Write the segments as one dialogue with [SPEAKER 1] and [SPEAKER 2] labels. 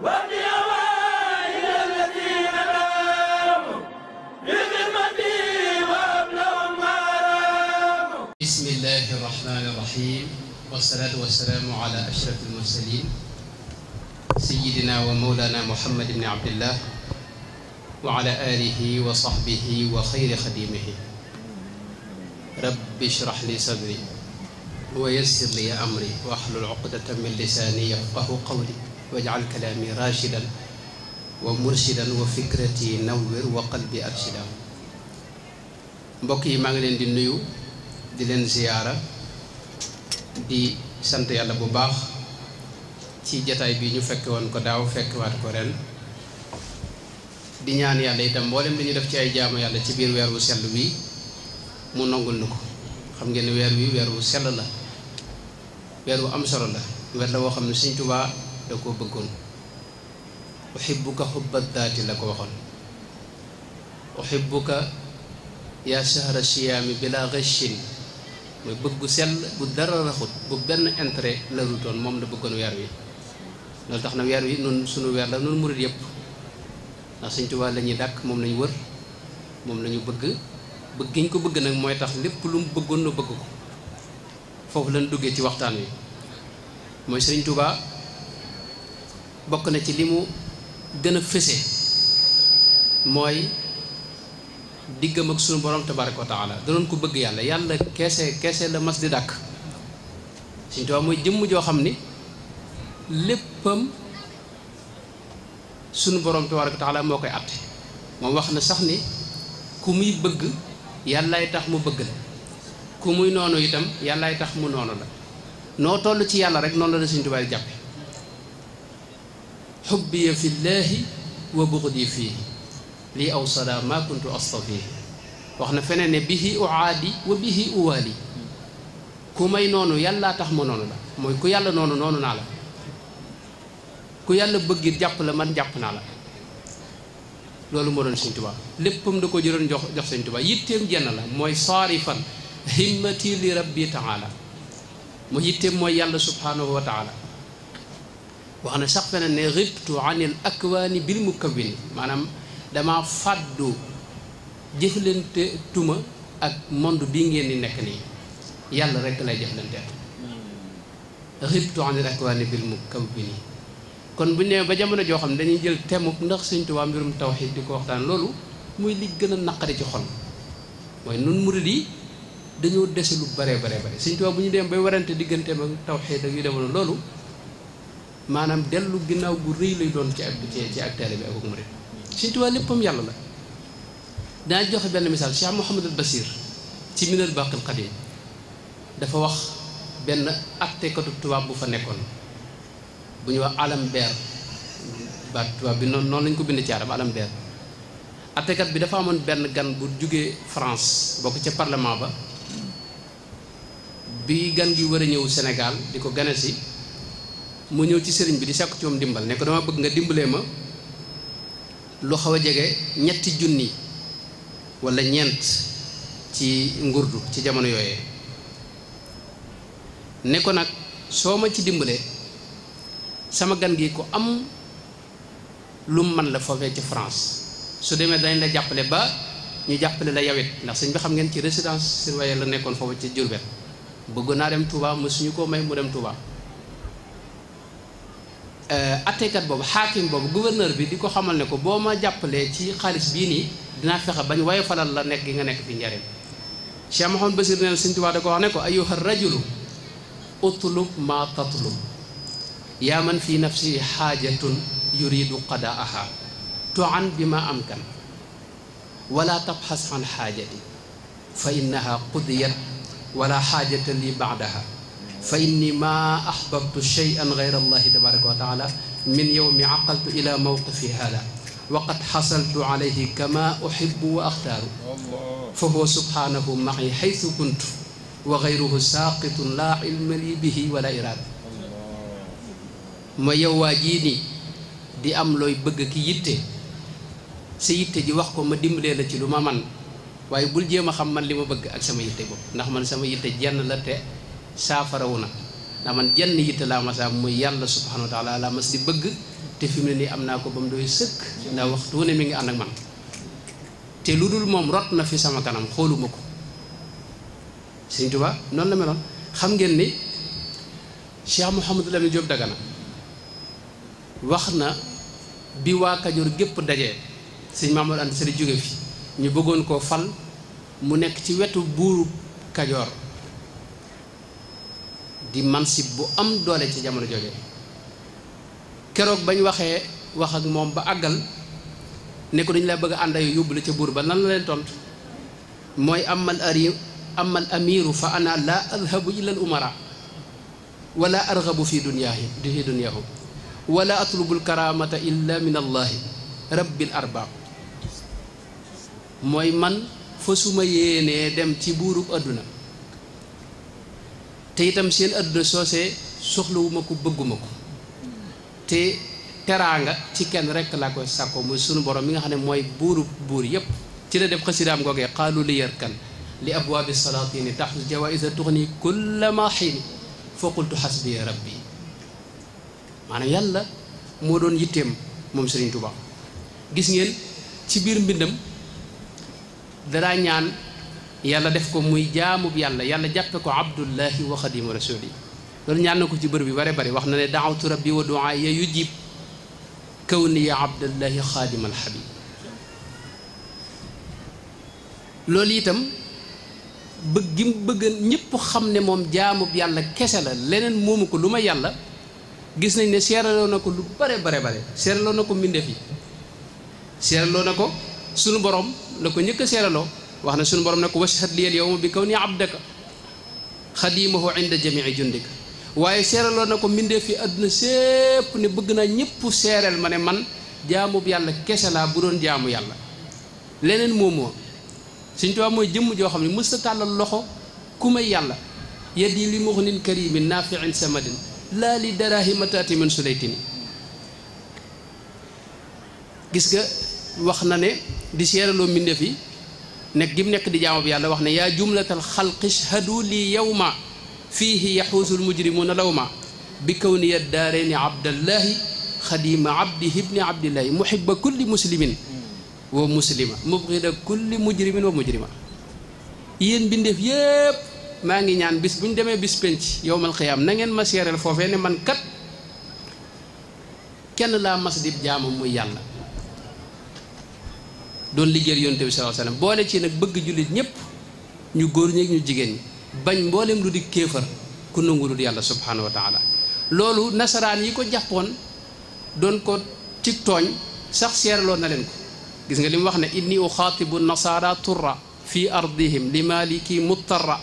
[SPEAKER 1] الذين بسم الله الرحمن الرحيم والصلاة والسلام على أشرف المرسلين سيدنا ومولانا محمد بن عبد الله وعلى آله وصحبه وخير خديمه رب اشرح لي صدري ويسر لي أمري واحلل عقدة من لساني يفقه قولي واجعل كلامي راشدا ومرشدا وفكرتي نور وقلبي أرشدا مبوكي yi لين دي leen di لين زياره دي سانت يالا بو باخ تي جتاي بي ني فك وون كو داو فك وات كو رن di ñaan yàlla itam mboolem li ñu def ci ay jaamu yàlla ci biir weer wu sell wi mu nongul nu xam ngeen weer wi weer wu sell la wu am solo la la da ko bëggoon uhibbuka hubba dati la ko waxoon uhibbuka ya shahr siyaami bila ghashin mooy bëggu sel bu dara raxut bu benn intérêt la rutoon moom la bëggoon weer wi loolu tax na weer wi nun sunu weer la nun murit yëpp ndax Sëñ mom la ñuy dàkk moom lañu wër moom lañu bëgg bëgg giñ ko bëgg nag mooy tax lépp lu mu bëggoon nu bëgg ko foofu lañ duggee ci waxtaan wi mooy bokk na ci li mu gën a fëse mooy diggam ak sunu borom tabaraka wa taala danoon ko bëgg yàlla yàlla keese keese la mas di dàkk suñ tubaab mooy jëmm joo xam ni léppam sunu borom tabaraka wa taala moo koy àtte moom wax na sax ni ku muy bëgg yàllaay tax mu bëgg la ku muy noonu itam yàllaay tax mu noonu la noo toll ci yàlla rek noonu la la suñ tubaab di jàppe حبي في الله وبغضي فيه لي أوصلا ما كنت أصطفيه وخنا فنا به أعادي وبه أوالي كومي نونو يلا تخمو نونو لا موي كو يلا نونو نونو نالا كو يلا بغير جاب لا من جاب نالا لولو مودون سيني توبا ليبم دوكو جيرون جوخ جوخ سيني توبا ييتيم جين لا موي صارفا همتي لربي تعالى مو ييتيم موي يلا سبحانه وتعالى wax na sax feneen ne ribtu anil akwaani bil mukawwini maanaam dama fàddu jëflante tuma ak monde bi ngeen di nekk nii yàlla rek lay jëflanteel ribtu anil akwaani bil mukawwini kon bu nee ba jamono joo xam ne dañuy jël temub ndax sëñ Tuubaa mbirum tawxiid di ko waxtaan loolu mooy li gën a naqari ci xol mooy nun murid yi dañoo dese lu bare bare bare sëñ Tuubaa bu ñu dem bay warante digganteem ak tawxiid ak yu demoon loolu manam delu ginnaaw gu reey lay doon ci ak ci ak taalibe ak murid ci to léppam yalla la da joxe ben misal Cheikh mohammed al Basir ci minal baqil qadim dafa wax ben benn attekatu tubaab bu fa nekkoon bu ñu wax alam ber ba tubaab bi non noonu lañ ko bind ci arab alam ber acte kat bi dafa amone ben gan bu jugge France bok ci parlement ba bi gan gi wara ñew senegal diko di mu ñëw ci sëriñ bi di sakku ci moom dimbal ne ko dama bëgg nga dimbalee ma lu xaw a jege ñetti junni wala ñent ci ngurdu ci jamono yooyee ne ko nag soo ma ci dimbalee sama gan gi ko am lu man la foofee ci France su demee dañ la jàppale ba ñu jàppale la yawit ndax sëñ bi xam ngeen ci résidence surveillée la nekkoon foofu ci Diourbel bëggoon naa dem Touba mësuñu ko may mu dem Touba atekat boobu hakim boobu gouverneur bi diko xamal ne ko boma jappale ci xaalis bi ni dina fexe bañ waye falal la nek gi nga nek fi njariñ Cheikh Mouhamed Basir nee seigne touba da ko wax ne ko ayyuha rajulu utlub ma tatlub ya man fi nafsi hajatun yuridu qadaaha tuan bima amkan wala tabhas an hajati fa innaha qudiyat wala xaajata li ba'daha فإني ما أحببت شيئا غير الله تبارك وتعالى من يوم عقلت إلى موقفي هذا وقد حصلت عليه كما أحب وأختار فهو سبحانه معي حيث كنت وغيره ساقط لا علم لي به ولا إرادة ما يواجيني دي أملوي بقك يتي سيتي جي وقو ما دم ليلة جلو ما من واي بول ما خمان لي ما بقك أك يتي بو نحمن سما يتي جان لتي saafarawu na ndax man jenn yitte laa ma saa muy yàlla subhanahu wa taala laa mas di bëgg te fi mu ne nii am naa ko ba mu doy sëkk ndax waxtu wu ne mi ngi ànd ak man te lu dul moom rot na fi sama kanam xooluma ko Sëñ Tuubaa noonu la meloon xam ngeen ni Cheikh Mouhamadou Lamine Diop Dagana wax na bi waa Kajoor gépp dajee sëñ Mamadou Anta Sali jóge fi ñu bëggoon koo fal mu nekk ci wetu buuru Kajoor di mansib bu am doole ci jamono jooje keroog bañ waxee wax ak moom ba àggal ne ko dañu laa bëgg ànd ay yóbbu la ca buur ba lan la leen tontu mooy amal ari amal amiru fa ana laa adhabu illa al umara wala arghabu fi duniyaahi fi duniyaahu wala atlubul karamata illa min allahi rabbil arbaab mooy man fa suma yéenee dem ci buurub àdduna te itam seen adduna soosee soxlawuma ko bëgguma ko te teraanga ci kenn rekk laa koy sàkkoo muy sunu borom bi nga xam ne mooy buuru buur yépp ci la def xasidaam googee xaalu li yar kan li abwaabi salaatini tax jawaïsa tuxni kulla ma xiini fa qultu xasbiya rabbi maanaam yàlla moo doon yitteem moom Serigne Touba gis ngeen ci biir mbindam dadaa ñaan yàlla def ko muy jaamub yàlla yàlla jàppe ko abdullahi wa xadimu rasuli loolu ñaan na ko ci bër bi bare bare wax na ne daawtu rabbi wa duaa ya yujib kaw ni ya abdullahi xaadim alxabib loolu itam bëgg gi bëgg ñëpp xam ne moom yàlla kese la leneen moomu ko yàlla gis nañ ne seeraloo na lu bare bare bare seeraloo na ko mbindeef yi seeraloo sunu borom la ko ñëkk واخنا سونو بروم نك واشهد لي اليوم بكوني عبدك خديمه عند جميع جندك واي سيرال نكو مند في ادنا سيب ني بغنا نيب سيرال ماني مان جامو يالا كيسلا بودون جامو يالا لنين مومو سيني تو موي جيم جو خامي مستال لوخو كوما يالا يدي لي مخنين كريم نافع سمد لا لدراهم تاتي من سليتني gis nga wax na ne di séralo minde nekk gim nekk di jaamu bi yàlla wax ne yaa jumlatal xalq ishhadu li yawma fiihi yaxuusu lmujrimuuna lawma bi kawniya daareeni abdallahi xadima abdihi ibni abdillahi muhiba kulli muslimin wa muslima mubgida kulli mujrimin wa mujrima yéen bindeef yépp maa ngi ñaan bis bu ñu demee bis penc yowmal qiyaam na ngeen ma seereel foofee ne man kat kenn laa mas dib jaamam muy yàlla doon liggéeyal yonte bi sallallahu alayhi boole ci nag bëgg jullit ñëpp ñu góor ñeeg ñu jigéen ñi bañ mbooleem lu di kéefar ku nangu lu di yàlla subhaanahu wa loolu nasaraan yi ko jàppoon doon ko ci tooñ sax seerloo na leen ko gis nga li wax ne inni uxaatibu nasaara turra fi ardihim li maliki muttarra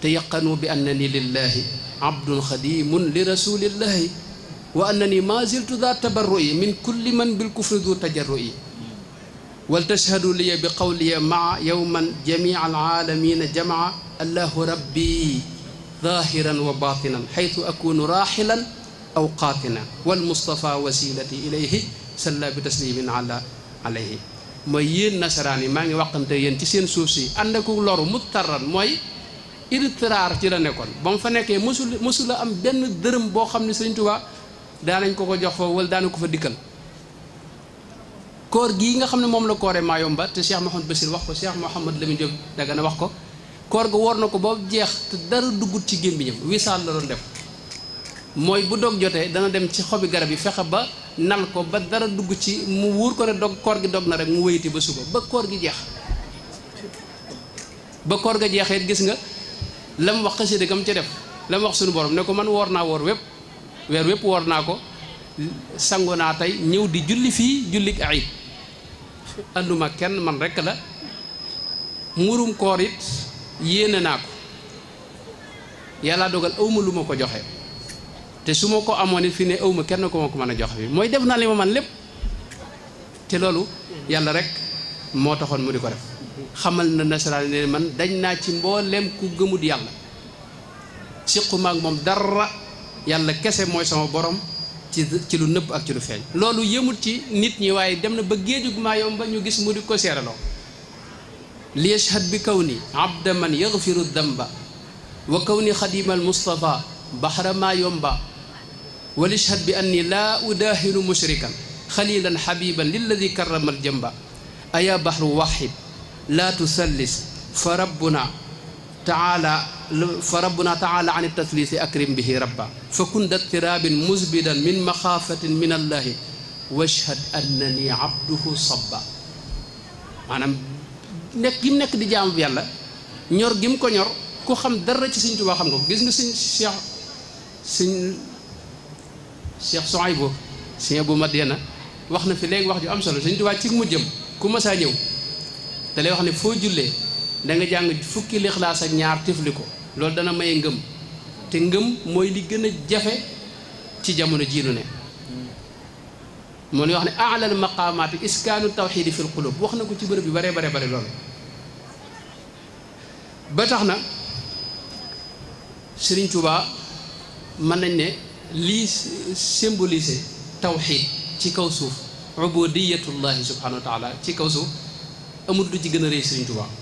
[SPEAKER 1] te yaqanu bi annani lillahi abdun xadimun li rasulillahi wa annani ma ziltu daa tabarru'i min kulli man bil kufri du tajarru'i ولتشهدوا لي بقولي مع يوما جميع العالمين جمع الله ربي ظاهرا وباطنا حيث أكون راحلا او أوقاتنا والمصطفى وسيلتي إليه سلى بتسليم على عليه مين نصراني ما وقت دين تسين سوسي أنك لور مضطرا موي إرترار تلا نكون بام فنك مسل مسل أم بين درم بوخم نسرين توا دارن كوكو جفو ولدانو كفديكن koor gii nga xam ne moom la kooree maa yomba te Cheikh Mouhamed Bassir wax ko Cheikh Mouhamed Lamine Diop Dagana wax ko koor ga woor na ko ba jeex te dara duggut ci gémmiñam wisaal la doon def mooy bu dog jotee dana dem ci xobi garab yi fexe ba nal ko ba dara dugg ci mu wóor ko ne dog koor gi dog na rek mu wéyati ba suba ba koor gi jeex ba koor ga jeexee gis nga la mu wax xasida gam ca def la mu wax suñu borom ne ko man woor naa woor wépp weer wépp woor naa ko sangu naa tey ñëw di julli fii jullik ayib ànduma kenn man rekk la muurum koor it yéene naa ko laa dogal awma lu ma ko joxe te su ma ko amoon it fi ne awma kenn ko ma ko mën a jox bi mooy def naa li ma man lépp te loolu yàlla rek moo taxoon mu di ko def xamal na nasaraan ne man dañ naa ci mboolem ku gëmut yàlla siquma moom dara yàlla kese mooy sama borom ci lu nëbb ak ci lu feñ lolu yëmut ci nit ñi waaye dem na ba géejug yom ba ñu gis mu di ko séralo li yashhad bi kawni abda man yaghfiru dhanba wa kawni mustafa ni ma yom ba wal yashhad bi anni la udahiru mushrikan khalilan habiban lil ladhi للذي كرم الجنب أيا بحر واحد لا تسلس فربنا تعالى فربنا تعالى عن التثليث أكرم به ربا فكن ذا اضطراب مزبدا من مخافة من الله واشهد أنني عبده صبا maanaam nekk gi mu nekk di jaamu yàlla ñor gi mu ko ñor ku xam dara ci Sëñ Tuubaa xam nga gis nga Sëñ Cheikh Sëñ Cheikh Souaybou Sëñ Abou Madiana wax na fi léegi wax ju am solo Sëñ Tuubaa ci mujjam ku masaa ñëw da lay wax ne foo jullee da nga jàng fukki lixlaas ak ñaar tifli ko loolu dana maye ngëm te ngëm mooy li gën a jafe ci jamono jiinu ne moo wax ne alal maqaamaati iskaanu tawxiidi fil bu wax na ko ci bërëb yu bare bare bare loolu ba tax na Sëriñ Tuubaa mën nañ ne lii symbolisé tawxiid ci kaw suuf ubudiyatullahi subhanahu wa taala ci kaw suuf amul lu ci gën a rëy Sëriñ Tuubaa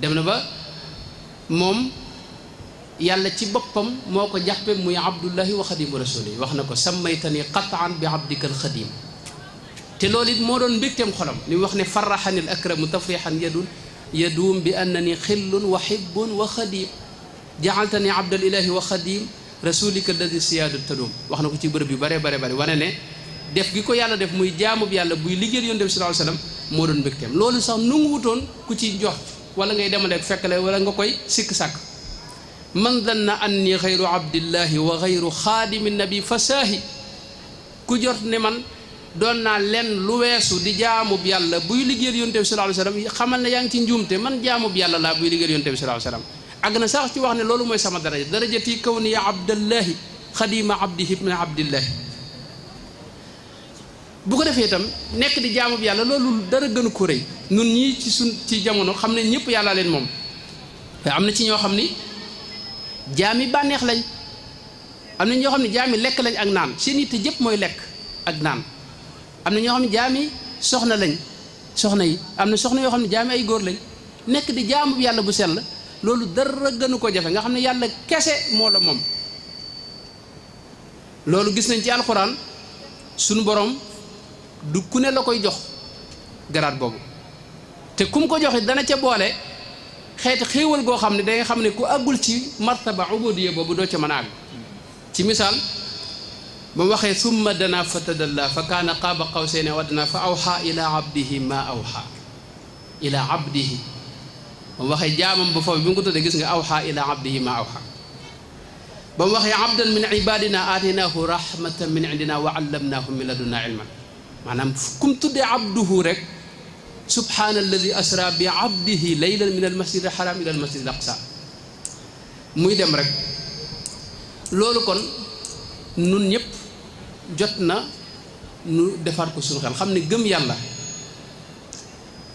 [SPEAKER 1] dem na ba moom yàlla ci boppam moo jàppe muy abdullahi wa xadimu rasuli wax na ko sammaytani qataan bi abdika alxadim te loolu it moo doon mbégteem xolam li mu wax al akramu tafrixan yadun yaduum bi annani xillun wa xibbun wa xadim jaxaltani abdal ilahi wa xadim rasulika alladi siyaadu tadum wax na ko ci bërëb yu bare bare bare wane ne def gi ko yàlla def muy jaamub yàlla buy liggéeyal yoon dem sallallahu alayhi wasallam moo doon mbégteem loolu sax nu ngu ku ci njort wala ngay demaleeg fekkale wala nga koy sikk sàkk man danna anni xayru abdillahi wa xayru xaadimi nabi fa saahi ku jot ne man doon naa lenn lu weesu di jaamub yàlla buy liggéeyal yonte bi sallallahu alayhi wasallam xamal ne yaa ngi ci njuumte man jaamub yàlla laa buy liggéeyal yonte bi sallallahu alayhi wasallam àgg na sax ci wax ne loolu mooy sama daraja darajati kaw ni ya abdallahi xadima abdihi ibn abdillahi bu ko defee itam nekk di jaamu yàlla loolu dara gënu ko rëy nun ñii ci sun ci jamono xam ne ñëpp yàllaa leen moom am na ci ñoo xam ni jaami bànneex lañ am na ñoo xam ne jaami lekk lañ ak naan seen yitte jëpp mooy lekk ak naan am na ñoo xam ne jaami soxna lañ soxna yi am na soxna yoo xam ne jaami ay góor lañ nekk di jaamu yàlla bu sell loolu dara gënu ko jafe nga xam ne yàlla kese moo la moom loolu gis nañ ci alxuraan sunu boroom du ku ne la koy jox garat bobu te kum ko joxe dana ca bolé xeeti xéewal go xam ne danga xam ku agul ci martaba ubudiyya bobu do ca manag ci misal ba waxe summa dana fatadalla fa kana qaba qawsayni aw adnaa fa awha ila abdihi ma awha ila abdihi ba waxe waxee jaamam ba foofu bi nga ko gis nga awha ila abdihi ma awha ba waxe abdan min ibadina atinahu rahmatan min indina wa allamnaahu min ladunna ilman manam kum tudde abduhu rek subhaana alladi asra bi abdihi laylan min almasjid alxaram ila almasjid al aqsa muy dem rek lolou kon nun ñep jotna nu defar ko suñu xel xam gëm yàlla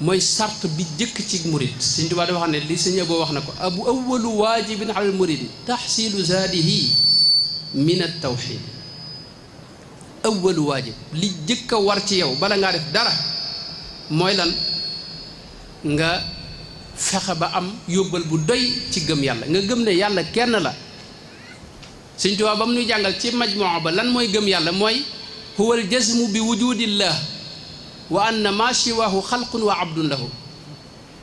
[SPEAKER 1] moy sart bi jëkk ci murid seigne touba da xam ne li seigne Abo wax na ko abu awwalu wajibin al almuridi tahsilu zadihi min at tawhid awwalu waajib li jëkk war ci yow bala ngaa def dara mooy lan nga fexe ba am yóbbal bu doy ci gëm yàlla nga gëm ne yàlla kenn la Sëñ Tuubaa ba mu nuy jàngal ci maj ba lan mooy gëm yàlla mooy huwa al jasmu bi wujudillah wa ma wa abdun lahu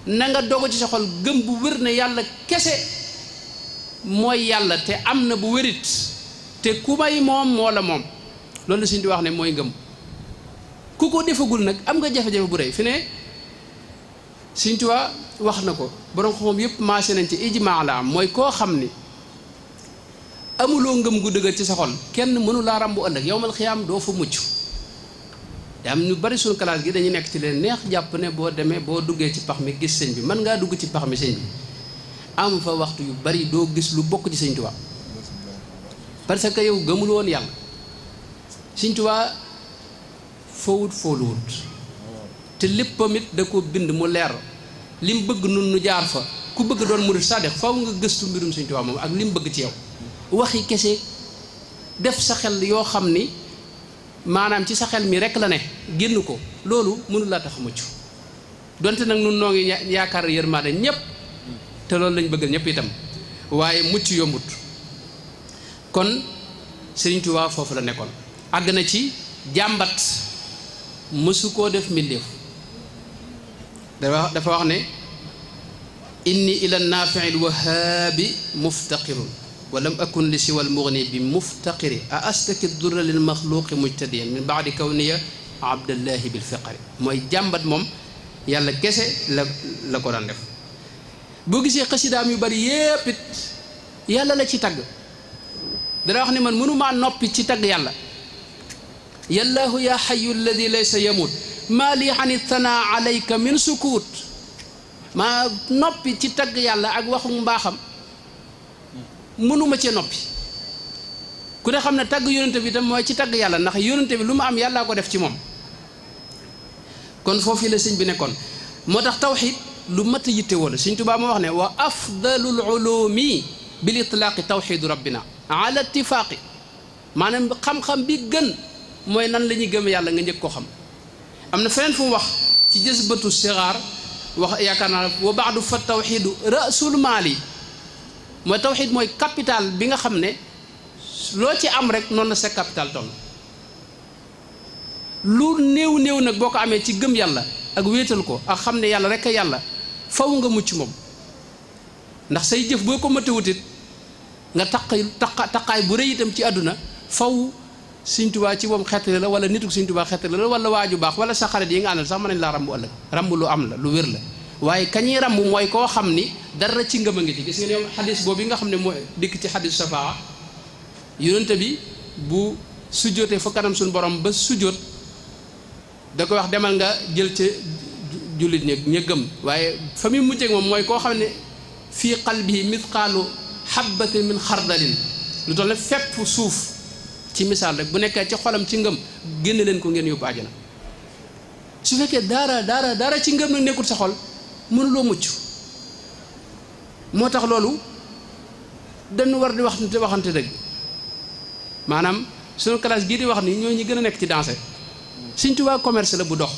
[SPEAKER 1] na nga dogo ci sa gëm bu wér ne yàlla kese mooy yàlla te am na bu wérit te ku may moom moo la moom loolu la suñ di wax ne mooy ngëm ku ko defagul nag am nga jafe-jafe bu rëy fi ne suñ tuwa wax na ko borom xam yep yëpp senen nañ ci ijmaa la am mooy koo xam ni amuloo ngëm gu dëgër ci sa kenn mënu laa ràmbu ëllëg yowmal xiyaam doo fa mucc daa am ñu bari suñu classe gi dañu nekk ci leen neex jàpp ne boo demee boo duggee ci pax mi gis sëñ bi mën ngaa dugg ci pax mi sëñ am fa waxtu yu bari doo gis lu bokk ci sëñ tuwa parce que yow gëmul woon yàlla Sëñ Tuubaa fowut fooluwut te léppam it da ko bind mu leer li mu bëgg nun nu jaar fa ku bëgg doon murid sadiq faw nga gëstu mbirum Sëñ Tuubaa moom ak li mu bëgg ci yow waxi kese def sa xel yoo xam ni maanaam ci sa xel mi rek la ne génn ko loolu mënulaa tax mucc donte nag nun noo ngi yaakaar yërmaande ñépp te loolu lañ bëggal ñépp itam waaye mucc yombut kon Sëriñ Tuubaa foofu la nekkoon agna ci jàmbat musuko def mindef dafa wax ne inni ila nafi'il wahaabi muftaqir wa lam akun li siwa al mughni bi muftaqir a astaki durra lil makhluq mujtadiyan min baadi kawniya bil faqr moy jàmbat mom yàlla kesse la ko dan def bo gisee xasidaam yu bari yepit yàlla la ci tag dara wax ni man munuma noppi ci tag yàlla يا الله يا حي الذي ليس يموت ما لي عن الثناء عليك من سكوت ما نوبي تي تاغ يالا اك واخو مباخام منوما تي نوبي ku ne xam ne tagg yonente bi tam mooy ci tagg yàlla ndax yonente bi lu mu am yàllaa ko def ci moom kon foofu la sëñ bi nekkoon moo tax tawxid lu mat a yitte wala sëñ tubaa moo wax ne wa afdalul ulumi bil itlaaqi tawxidu rabbina ala ittifaaqi maanaam xam-xam bi gën mooy nan la ñuy gëm yàlla nga njëkk ko xam am na feneen fu wax ci jës bëtu sixaar wax yaakaar naa wa baadu fa tawxidu rasul maali mooy tawxid mooy capital bi nga xam ne loo ci am rek noonu la sa capital toll lu néew néew nag boo ko amee ci gëm yàlla ak wéetal ko ak xam ne yàlla rek a yàlla faw nga mucc moom ndax say jëf boo ko matewutit nga taq taq taqaay bu rëy itam ci àdduna faw Sëñ Tuubaa ci moom xettali la wala nituk Sëñ Tuubaa xettali la wala waaju baax wala sa xarit yi nga àndal sax mën nañ laa rambu ëllëg rambu lu am la lu wér la waaye kañuy rambu mooy koo xam ni dara ci ngëm a ngi ci gis nga ne xadis boobu nga xam ne mooy dikk ci xadis safaa yonente bi bu sujjootee fa kanam suñu borom ba sujjoot da koy wax demal nga jël ca jullit ña ña gëm waaye fa muy mujjee moom mooy koo xam ne fii xal bi xabbatin min xardalin lu toll ci misal rek bu nekkee ci xolam ci ngëm genn leen ko ngeen yóbbu àjjana su fekkee dara dara dara ci ngëm nak nekkul sa xol mënuloo lo muccu motax loolu dañ war di wax ni waxante deug manam sunu classe gi di wax ni ñoo ñi gëna nekk ci danse Sëñ Tuubaa commerce la bu dox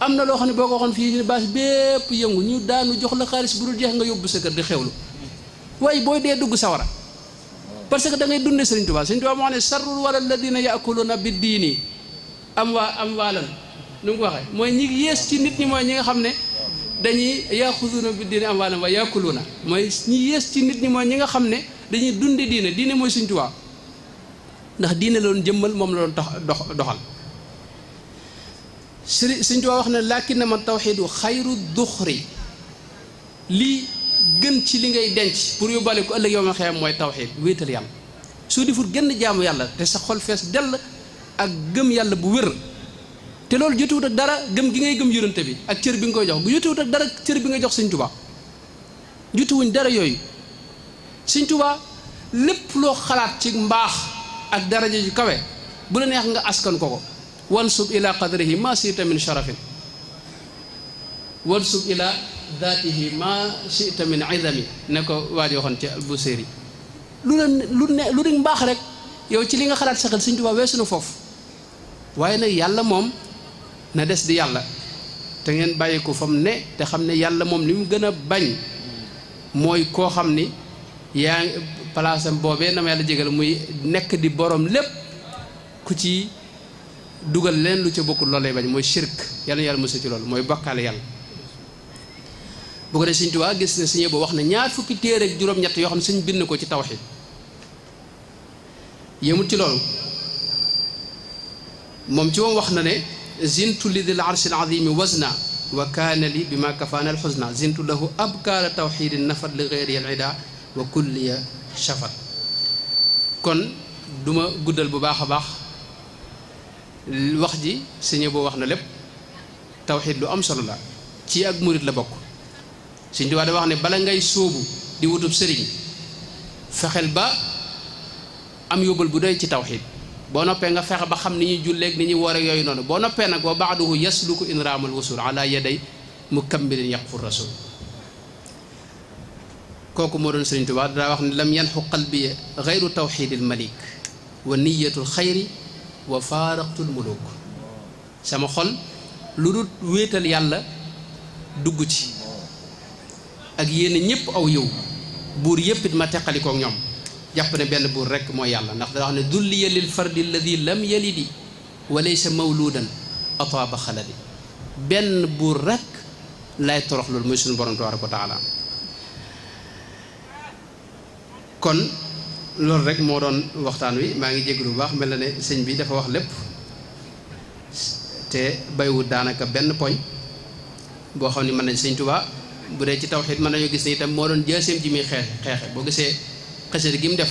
[SPEAKER 1] amna lo xamni boko xon fi ko bass ñu daanu jox la xaaliss bu dul jeex nga yobbu sa kër di xewlu way boy dugg sawara parce que da ngay dunde Sëriñ Tuubaa Sëriñ Tuubaa moo ne sarrul wala alladina yaakuluuna bi diini am waa am waalan nu mu waxee mooy ñi yées ci nit ñi mooy ñi nga xam ne dañuy yaaxuduuna bi diini am waalan mooy ñi yées ci nit ñi mooy ñi nga xam ne dañuy dunde diine diine mooy Sëriñ Tuubaa ndax diine la jëmmal moom la doon tax dox doxal Sëriñ Tuubaa wax ne laakin na man tawxiidu xayru duxri lii gën ci li ngay denc pour yóbbaale ko ëllëg yow ma xeyam mooy tawxiid wéetal yàlla soo deful genn jaamu yàlla te sa xol fees dell ak gëm yàlla bu wér te loolu jotuwut ak dara gëm gi ngay gëm yonante bi ak cër bi nga koy jox bu jotuwut ak dara cër bi nga jox sëñ Tuubaa jotuwuñ dara yooyu sëñ Tuubaa lépp loo xalaat ci mbaax ak daraja ju kawe bu la neex nga askan ko ko wansub ila qadrihi yi sita min sharafin wansub ila daatihi ma chita min idami ne ko waa ji waxoon ci Albuseeri lu ne lu ne lu di mbaax rek yow ci li nga xalaat sa xel Sëñ Tuubaa weesu na foofu waaye nag yàlla moom na des di yàlla te ngeen bàyyi ko fa mu ne te xam ne yàlla moom li mu gën a bañ mooy koo xam ni yaa place boobee na ma yàlla la muy nekk di boroom lépp ku ci dugal leen lu ca bokkul loolu lay bañ mooy shirk yàlla yàlla mos ci loolu mooy bokkaale yàlla. bu ko dee sëñ Tuubaa gis na sëñ bo wax na ñaar fukki téere ak juróom-ñett yoo xam ne sëñ bind ko ci tawxiid yemut ci loolu moom ci moom wax na ne zintu li dil arsi alazimi wasna wa kaana li bima kafaana alxusna zintu lahu abkaara tawxiidi nafat li gayri alida wa kulliya shafat kon duma guddal bu baax a baax wax ji sëñ boo wax na lépp tawxiid lu am solo la ci ak murit la bokk sëñ Tuubaa da wax ne bala ngay sóobu di wutub sëriñ fexeel ba am yóbbal bu doy ci tawxiid boo noppee nga fexe ba xam ni ñuy julleeg ni ñuy woore yooyu noonu boo noppee nag wa baaduhu yasluku inraamul wusul ala yaday mukammilin yaqfu rasul kooku moo doon sëriñ Tuubaa daa wax ne lam yanxu qalbiya gayru tawxiidil malik wa niyatul xayri wa faaraqtul muluk sama xol lu dul wéetal yàlla dugg ci ak yéene ñëpp aw yow bur yëpp it ma tekkali teqalikook ñom jàpp ne ben bur rek mo yàlla ndax da wax ne dulliya lil fardi alladhi lam yalidi wa laysa mawludan ataaba khaladi ben bur rek lay torox lol moy sun borom tawara ko taala kon lol rek mo don waxtan wi ma ngi jégalu bu baax mel na ne sëñ bi dafa wax lépp te baywut danaka ben poñ bo xamni man nañ sëñ Tuubaa bu dee ci tawxiid mën nañoo gis ne itam moo doon jaaseem ji muy xeex xeexe boo gisee xasida gi mu def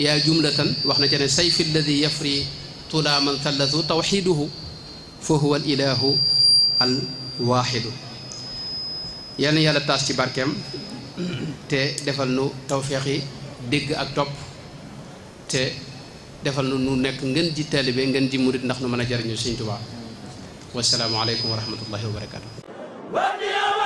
[SPEAKER 1] yaa jumlatan wax na ca ne sayfi alladi yafri tula man tallatu tawxiduhu fa huwa al ilahu al waaxidu yal na yàlla taas ci barkeem te defal nu tawféex yi dégg ak topp te defal nu nu nekk ngeen ji taalibe ngeen ji murit ndax nu mën a jariñu Sëñ Tuubaa wasalaamu aleykum wa rahmatullahi wa barakaatu